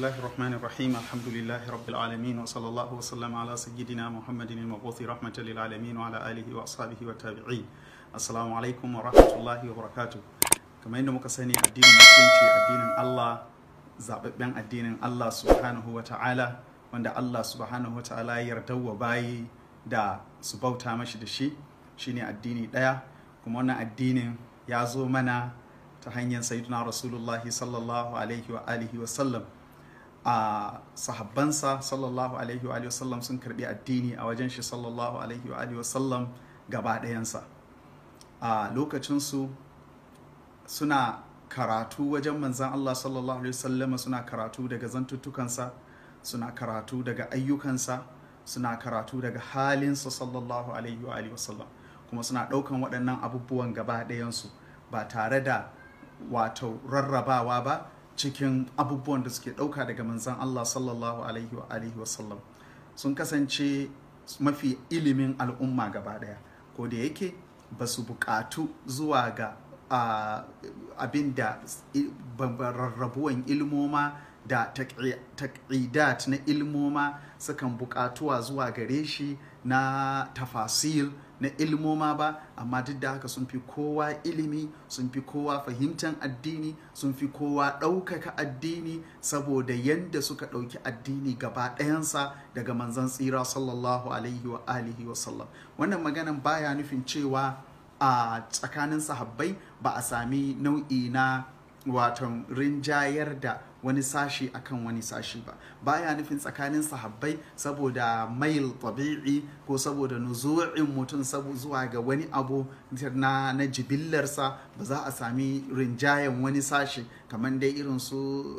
الله الرحمن الرحيم الحمد لله رب العالمين وصلى الله وسلم على سيدنا محمد المبعوث رحمة للعالمين وعلى آله وأصحابه والتابعين السلام عليكم ورحمة الله وبركاته addinin Allah subhanahu wa ta'ala wanda Allah subhanahu wa ta'ala ya yardawa bayi da su bauta mashi da shi shine addini ɗaya kuma wannan addinin ya zo mana ta hanyar sayyidina rasulullahi sallallahu alaihi wa alihi wa sallam a sahabbansa sallallahu alaihi wa sallam sun karbi addini a wajen shi sallallahu alaihi wa sallam gaba ɗayansa a lokacinsu suna karatu wajen manzan Allah sallallahu alaihi suna karatu daga zantuttukansa suna karatu daga ayyukansa suna karatu daga halinsa sallallahu alaihi wa sallam kuma suna ɗaukan waɗannan abubuwan gaba ɗayansu ba tare da wato rarrabawa ba cikin abubuwan da suke ɗauka daga manzan Allah sallallahu alaihi wa wasallam sun kasance mafi ilimin al'umma gaba ɗaya ko da yake ba su buƙatu zuwa ga abin da rarrabuwan ilmoma da taƙidat na ilmoma sukan buƙatuwa zuwa gare shi na tafasil na ilmoma ba amma duk da haka sun fi kowa ilimi sun fi kowa fahimtar addini sun fi kowa ɗaukaka addini saboda yadda suka ɗauki addini gaba ɗayansa daga manzan tsira sallallahu alaihi wa alihi wa sallam wannan maganan baya nufin cewa a tsakanin sahabbai ba a sami nau'i na watan rinjayar da wani sashi akan wani sashi ba baya nufin tsakanin sahabbai saboda mail tabi'i ko saboda nuzu'in mutum zuwa ga wani abu na, na jibillarsa ba za a sami rinjayen wani sashe kamar dai irin su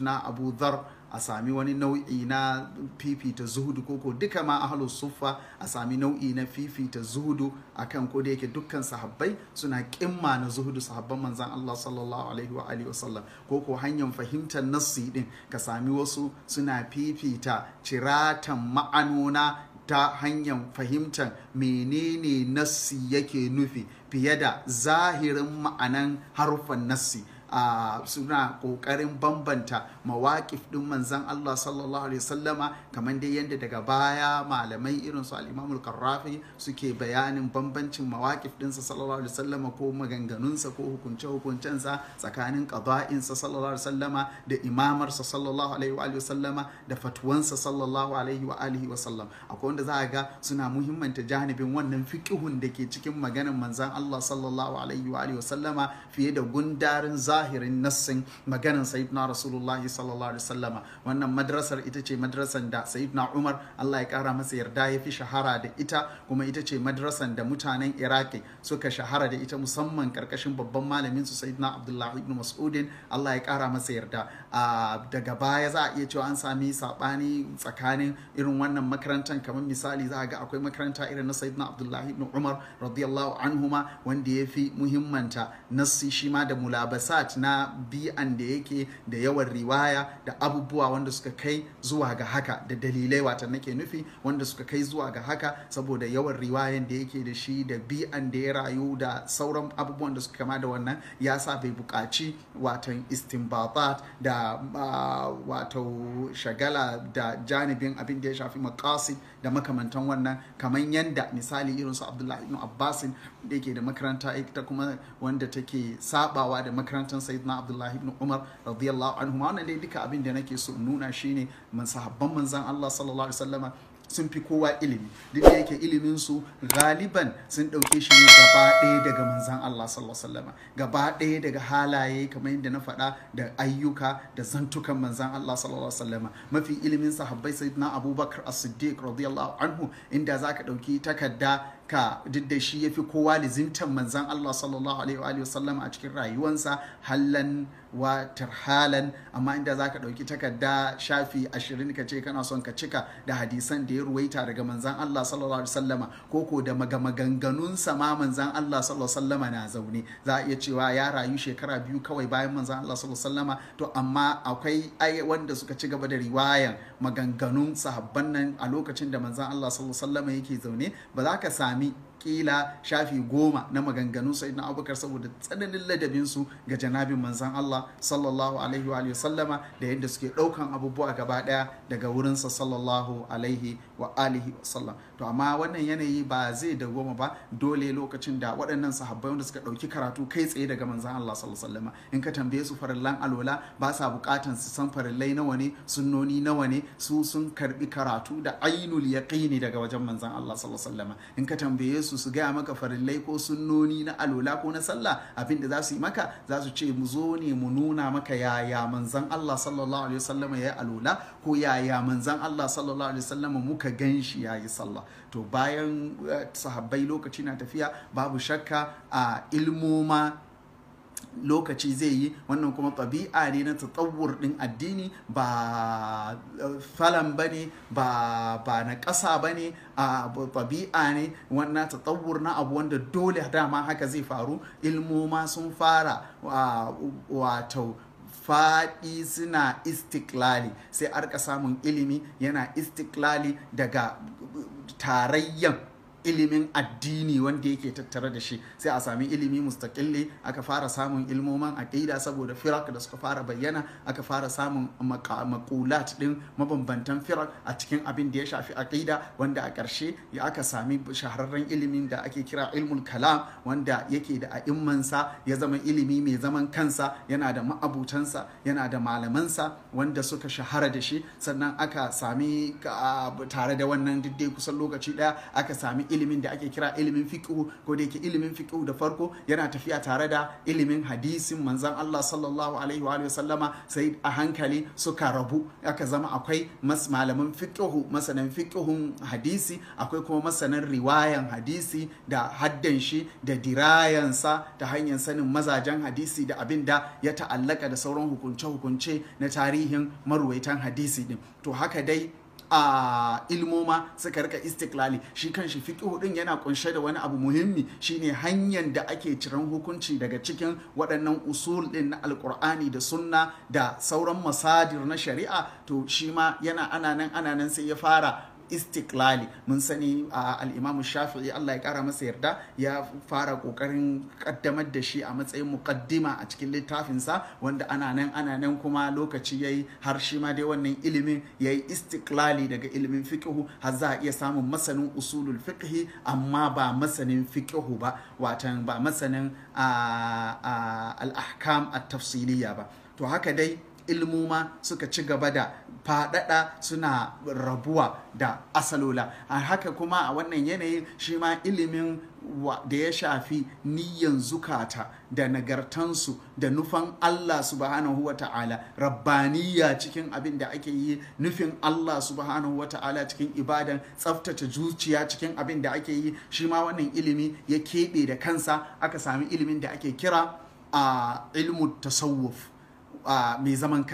na abu dhar a sami wani nau'i na fifita zuhudu koko duka ma ahalus suffa a sami nau'i na fifita zuhudu akan ko da yake dukkan sahabbai suna kimma na zuhudu sahabban manzan Allah sallallahu alaihi wa alihi wasallam koko hanyar fahimtar nassi din ka sami wasu suna fifita ciratan ma'anona ta hanyar fahimtar menene nassi yake nufi fiye da zahirin ma'anan harufan nassi A suna ƙoƙarin bambanta mawaƙif ɗin manzan Allah sallallahu alaihi wasallama kamar dai yadda daga baya malamai irin su al Karrafi suke bayanin bambancin mawaƙif ɗinsa sallallahu alaihi wasallama ko maganganunsa ko hukunce hukuncensa tsakanin qada'insa sallallahu alaihi wasallama da imamarsa sallallahu alaihi wa wasallama da fatuwansa sallallahu alaihi wa alihi wasallam akwai wanda za a ga suna muhimmanta janibin wannan fiqhun da ke cikin maganar manzan Allah sallallahu alaihi wa alihi wasallama fiye da gundarin za zahirin nassin maganan sayyidina rasulullah sallallahu alaihi wasallama wannan madrasar ita ce madrasar da sayyidina umar Allah ya kara masa yarda ya fi shahara da ita kuma ita ce madrasar da mutanen iraki suka shahara da ita musamman karkashin babban malamin su sayyidina abdullahi ibn mas'udin Allah ya kara masa yarda daga baya za a iya cewa an sami sabani tsakanin irin wannan makarantar kamar misali za a ga akwai makaranta irin na sayyidina abdullahi ibn umar radiyallahu anhuma wanda ya fi muhimmanta nassi shi ma da mulabasa research na bi'an da yake da yawan riwaya da abubuwa wanda suka kai zuwa ga haka da dalilai wata nake nufi wanda suka kai zuwa ga haka saboda yawan riwayan da yake da shi da bi'an da ya rayu da sauran abubuwan da suka kama da wannan ya sa bai buƙaci watan istinbatat da ah, wato shagala da janibin abin da ya shafi makasi da makamantan wannan kamar yadda misali irin su abdullahi ibn abbasin da yake da makaranta ita kuma wanda take sabawa da makaranta. hadisan sayyidina abdullahi ibn umar radiyallahu anhu wannan dai duka abin da nake so nuna shine man sahabban manzan Allah sallallahu alaihi wasallama sun fi kowa ilimi duk da yake ilimin su galiban sun dauke shi ne gaba ɗaya daga manzan Allah sallallahu alaihi gaba ɗaya daga halaye kamar yadda na faɗa da ayyuka da zantukan manzan Allah sallallahu alaihi mafi ilimin sahabbai sayyidina abubakar as-siddiq radiyallahu anhu inda zaka dauki takarda ka duk da shi yafi kowa lizimtan manzan Allah sallallahu alaihi wa sallam a cikin rayuwansa hallan wa tarhalan amma inda zaka ɗauki takarda shafi ashirin ka ce kana son ka cika da hadisan da ya ruwaita daga manzan Allah sallallahu alaihi ko ko da maganganun sa ma manzan Allah sallallahu alaihi na zaune za a iya cewa ya rayu shekara biyu kawai bayan manzan Allah sallallahu alaihi to amma akwai ai wanda suka ci gaba da riwayan maganganun sahabban nan a lokacin da manzan Allah sallallahu alaihi yake zaune ba za ka sami amiin kila shafi goma na maganganun na abubakar saboda tsananin ladabinsu ga janabin manzan Allah sallallahu alaihi wa sallama da yadda suke ɗaukan abubuwa gaba daya daga wurinsa sallallahu alaihi wa alihi wa sallam to amma wannan yanayi ba zai goma ba dole lokacin da waɗannan sahabbai wanda suka ɗauki karatu kai tsaye daga manzan Allah sallallahu alaihi wa sallama in ka tambaye su farillan alwala ba sa buƙatan su san farillai nawa ne sunnoni nawa ne su sun karbi karatu da ainul yaqini daga wajen manzan Allah sallallahu alaihi wa sallama in ka tambaye su su su gaya maka farillai ko sunnoni na alola ko na sallah abin da za su yi maka za su ce mu zo ne mu nuna maka yaya manzan Allah sallallahu alaihi wasallam ya yi alola ko yaya manzan Allah sallallahu alaihi wasallam muka gan shi ya yi sallah to bayan eh, sahabbai lokaci na tafiya babu shakka a ilmoma lokaci zai yi wannan kuma tabi'a ne na tsawur din addini ba falan ba ne ba na ƙasa ba ne tabi'a ne wannan tsawur na abu wanda dole dama haka zai faru ilmoma sun fara wato faɗi suna istiklali sai arka samun ilimi yana istiklali daga tarayyan ilimin addini wanda yake tattare da shi sai a sami ilimi mustaƙilli aka fara samun ilmoman aƙida saboda firak da suka fara bayyana aka fara samun makulat din mabambantan firak a cikin abin da ya shafi aƙida wanda a ƙarshe ya aka sami shahararren ilimin da ake kira ilmul kalam wanda yake da a'immansa ya zama ilimi mai zaman kansa yana da ma'abutansa yana da malamansa wanda suka shahara da shi sannan aka sami ah, tare da wannan diddai kusan lokaci ɗaya aka sami ilimin da ake kira ilimin fiqhu ko da yake ilimin fiqhu da farko yana tafiya tare da ilimin hadisin manzan Allah sallallahu alaihi wa sallama sai a hankali suka rabu aka zama akwai mas malaman fiqhu masanan fiqhun hadisi akwai kuma masanan riwayan hadisi da haddan shi da dirayansa ta hanyar sanin mazajen hadisi da abin da ya ta'allaka da sauran hukunce-hukunce na tarihin maruwaitan hadisi din to haka dai a ilmoma suka rika istiklali shi kan shi fiƙi hudun yana kunshe da wani abu muhimmi shine hanyar da ake ciran hukunci daga cikin waɗannan usul ɗin na alƙur'ani da sunna da sauran masadir na shari'a to shi ma yana ana nan sai ya fara istiklali mun sani a al'imamu shafi'i Allah ya kara masa yarda ya fara kokarin kaddamar da shi a matsayin muqaddima a cikin littafinsa wanda ana nan ana nan kuma lokaci yayi har shi ma dai wannan ilimin yayi istiklali daga ilimin fiqhu har za a iya samun masanin usulul fiqhi amma ba masanin fiqhu ba watan ba masanin al-ahkam at-tafsiliya ba to haka dai ilmuma suka ci gaba da faɗaɗa suna rabuwa da asalola a haka kuma a wannan yanayin shi ma ilimin da ya shafi niyyan zukata da nagartansu da nufan Allah subhanahu wa ta'ala rabbaniya cikin abin da ake yi nufin Allah subhanahu wa ta'ala cikin ibadan tsaftace zuciya cikin abin da ake yi shi ma wannan ilimi ya keɓe da kansa aka sami ilimin da ake kira a ilmu tasawuf a mai zaman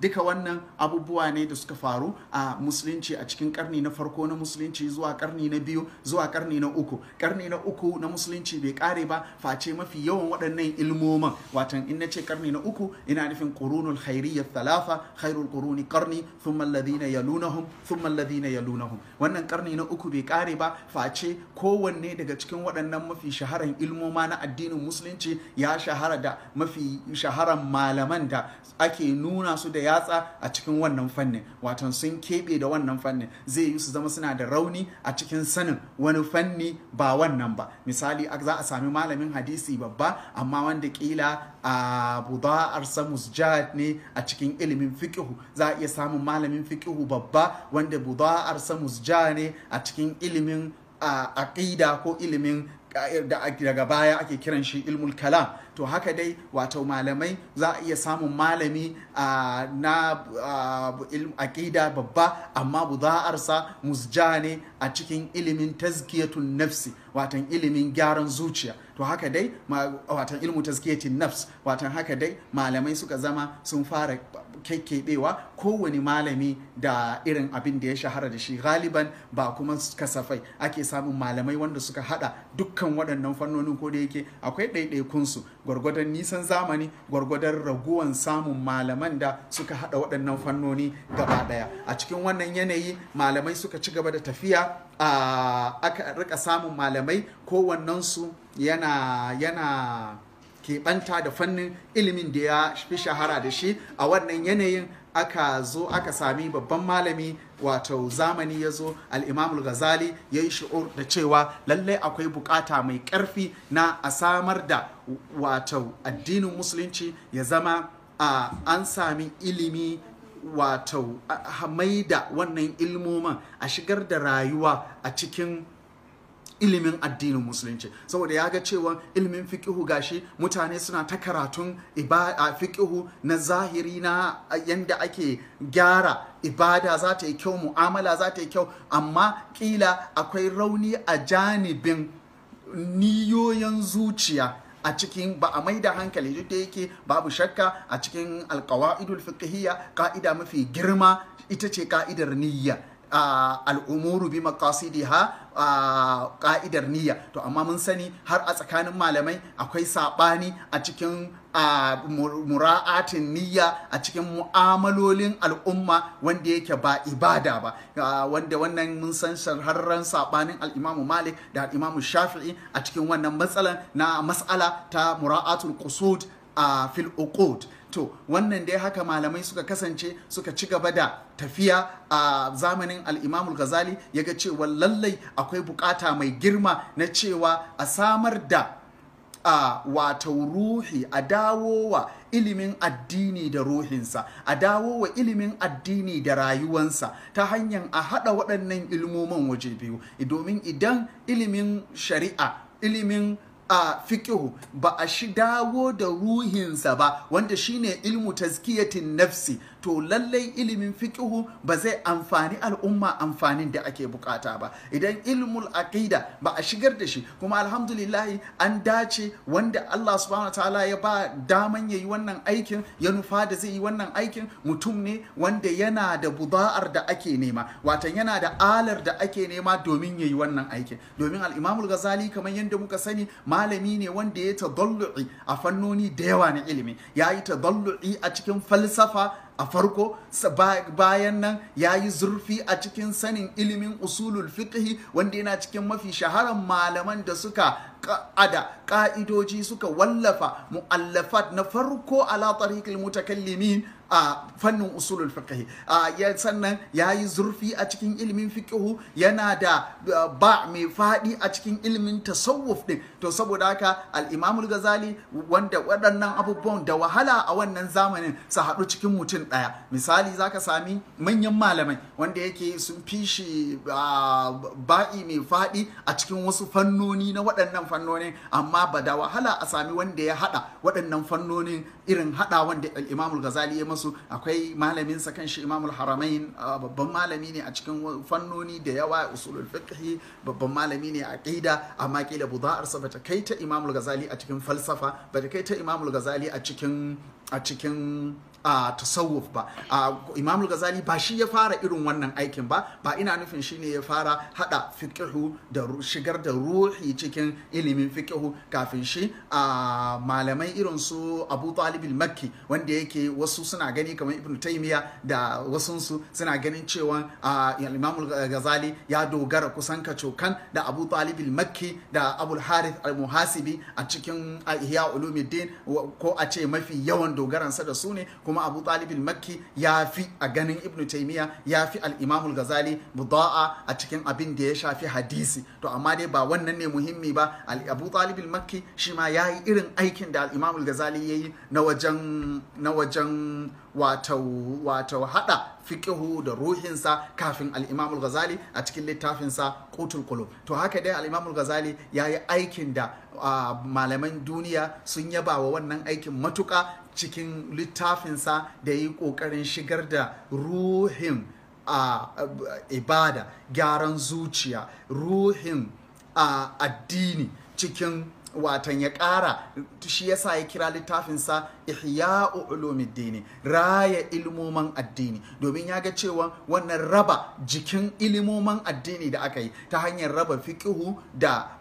duka wannan abubuwa ne da suka faru a musulunci a cikin karni na farko na musulunci zuwa karni na biyu zuwa karni na uku karni na uku na musulunci bai kare ba face mafi yawan waɗannan ilmoman watan in na ce karni na uku ina nufin qurunul khairiyya thalatha khairul quruni qarni thumma alladhina yalunahum thumma alladhina yalunahum wannan karni na uku bai kare ba face kowanne daga cikin waɗannan mafi shaharan ilmoma na addinin musulunci ya shahara da mafi shaharan malaman da ake nuna su da yatsa a cikin wannan fannin wato sun keɓe da wannan fannin zai yi su zama suna da rauni a cikin sanin wani fanni ba wannan ba misali za a sami malamin hadisi babba amma wanda kila a buda'arsa musjad ne a cikin ilimin fiƙihu za a iya samun malamin fiƙihu babba wanda buda'arsa musjad ne a cikin ilimin aƙida ko ilimin daga baya ake kiran shi ilmul kalam to haka dai wato malamai za a iya samun malami na aƙida babba amma buda'arsa musja ne a cikin ilimin tazkiyatun nafsi watan ilimin gyaran zuciya to haka dai watan ilimin tazkiyatun nafs watan haka dai malamai suka zama sun fara kekkebewa kowane malami da irin abin da ya shahara da shi galiban ba kuma kasafai ake samun malamai wanda suka hada dukkan waɗannan fannonin ko da yake akwai ɗaiɗaikunsu gwargwadon nisan zamani gwargwadon raguwan samun malaman da suka hada waɗannan fannoni gaba ɗaya a cikin wannan yanayi malamai suka ci gaba da tafiya a aka rika samun malamai ko su yana yana keɓanta da fannin ilimin da ya fi shahara da shi a wannan yanayin aka zo aka sami babban malami wato zamani ya zo al'imamul ghazali ya yi shi'ur da cewa lallai akwai bukata mai ƙarfi na a samar da wato addinin musulunci ya zama a an sami ilimi wato mai da wannan ilmoman a shigar da rayuwa a cikin ilimin addinin musulunci saboda ya ga cewa ilimin ga gashi mutane suna ta karatun fiƙihu na zahiri na yadda ake gyara ibada za ta yi kyau mu'amala za ta yi kyau amma kila akwai rauni a janibin niyoyin zuciya a cikin ba a maida hankali duk da yake babu shakka a cikin alkawa'idul fiqhiyya ka'ida mafi girma ita ce ka'idar niyya al'umuru bi maqasidiha ka'idar niyya to amma mun sani har a tsakanin malamai akwai saɓani a cikin mura'atin niyya a cikin mu'amalolin al'umma wanda yake ba ibada ba wanda wannan mun san shahararren saɓanin al'imamu malik da al'imamu shafi'i a cikin wannan matsala na matsala ta mura'atul qusud fil uqud to wannan dai haka malamai suka kasance suka ci gaba da tafiya a zamanin al'imamul ghazali ya ga cewa lallai akwai bukata mai girma na cewa a samar da a wato ruhi a dawowa ilimin addini da ruhinsa a dawo wa ilimin addini da rayuwansa ta hanyar a haɗa waɗannan ilmomin waje biyu domin idan ilimin shari'a ilimin a fikihu ba a shi dawo da ruhinsa ba wanda shine ilmu tazkiyatin nafsi to lallai ilimin fiqihu ba zai amfani al'umma amfanin da ake bukata ba idan ilmul aƙida ba a shigar da shi kuma alhamdulillahi an dace wanda Allah subhanahu ta'ala ya ba daman ya yi wannan aikin ya nufa da zai yi wannan aikin mutum ne wanda yana da buda'ar da ake nema watan yana da alar da ake nema domin ya yi wannan aikin domin al'imamul gazali kamar yadda muka sani malami ne wanda ya tadallu'i a fannoni da yawa na ilimi ya yi tadallu'i a cikin falsafa a farko bayan nan ya yi zurfi a cikin sanin ilimin usulul fiqhi wanda yana cikin mafi shaharan malaman da suka ada ƙa'idoji suka wallafa mu'allafat na farko ala tariqil mutakallimin a fannin usulul fiqh ya sannan ya yi zurfi a cikin ilimin fiqh yana da ba mai faɗi a cikin ilimin tasawuf ɗin, to saboda haka al-Imam al wanda waɗannan abubuwan da wahala a wannan zamanin su haɗu cikin mutum ɗaya misali zaka sami manyan malamai wanda yake sun fi shi ba'i mai faɗi a cikin wasu fannoni na waɗannan Fannoni amma ba da wahala a sami wanda ya hada waɗannan fannonin irin hada wanda imamul Gazali ya masu akwai malamin sa kanshi imamul haramain babban malami ne a cikin fannoni da yawa usulul fiqhi babban malami ne a aqida amma kila buda'ar sa bata kai ta imamul Gazali a cikin falsafa bata kai ta imamul Gazali a cikin a cikin a tasawuf ba imam Gazali ba shi ya fara irin wannan aikin ba ba ina nufin shi ne ya fara hada fikihu da shigar da ruhi cikin ilimin fikihu kafin shi a malamai irin su abu talib makki wanda yake wasu suna gani kamar ibn taymiya da wasunsu suna ganin cewa imam ghazali ya dogara kusan kacokan da abu talib makki da abu harith al-muhasibi a cikin ihya ulumuddin ko a ce mafi yawan dogaransa da su ne kuma kuma abu talibin makki ya fi a ganin ibnu taimiya ya fi al'imamul gazali buda'a a cikin abin da ya shafi hadisi to amma dai ba wannan ne muhimmi ba abu talibin makki shi ma ya yi irin aikin da al'imamul gazali ya yi na wajen wato hada fiqihu da ruhinsa kafin al'imamul Gazali a cikin littafinsa kutul to haka dai al'imamul Gazali ya yi aikin da malaman duniya sun yaba wa wannan aikin matuka cikin littafinsa da ya yi ƙoƙarin shigar da ruhin a ibada gyaran zuciya ruhin a addini cikin watan ya ƙara shi ya sa ya kira littafinsa ihya'u ulumuddini raya ilmoman addini domin ya ga cewa wannan raba jikin ilmoman addini da aka yi ta hanyar raba fiqihu da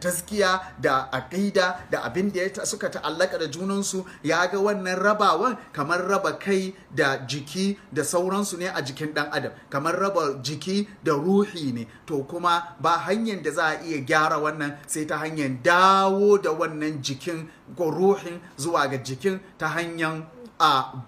taskiya da aqida da abin da suka ta'allaka da junansu ya ga wannan rabawan kamar raba kai da jiki da sauransu ne a jikin ɗan adam kamar raba jiki da ruhi ne to kuma ba hanyar da za a iya gyara wannan sai ta hanyar da Kawo da wannan jikin ruhin zuwa ga jikin ta hanyar a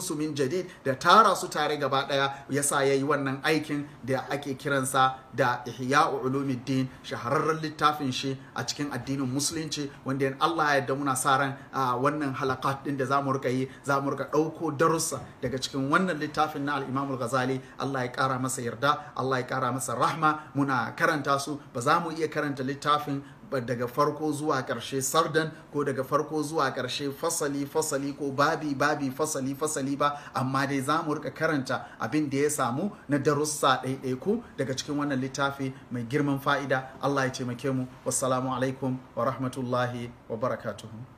su min jadid da tara su tare gaba daya yasa yayi wannan aikin da ake kiransa da ihya ulumuddin shahararren littafin shi a cikin addinin musulunci wanda in Allah ya yarda muna sa ran wannan halakat din da zamu rika yi zamu rika dauko darussa daga cikin wannan littafin na al-Imam al-Ghazali Allah ya kara masa yarda Allah ya kara masa rahma muna karanta su ba za mu iya karanta littafin daga farko zuwa ƙarshe sardan ko daga farko zuwa ƙarshe fasali fasali ko babi babi fasali fasali ba amma dai za mu rika karanta abin da ya samu na darussa ɗaiɗaiku daga cikin wannan littafi mai girman fa'ida Allah ya taimake mu wassalamu alaikum wa rahmatullahi wa barakatuhu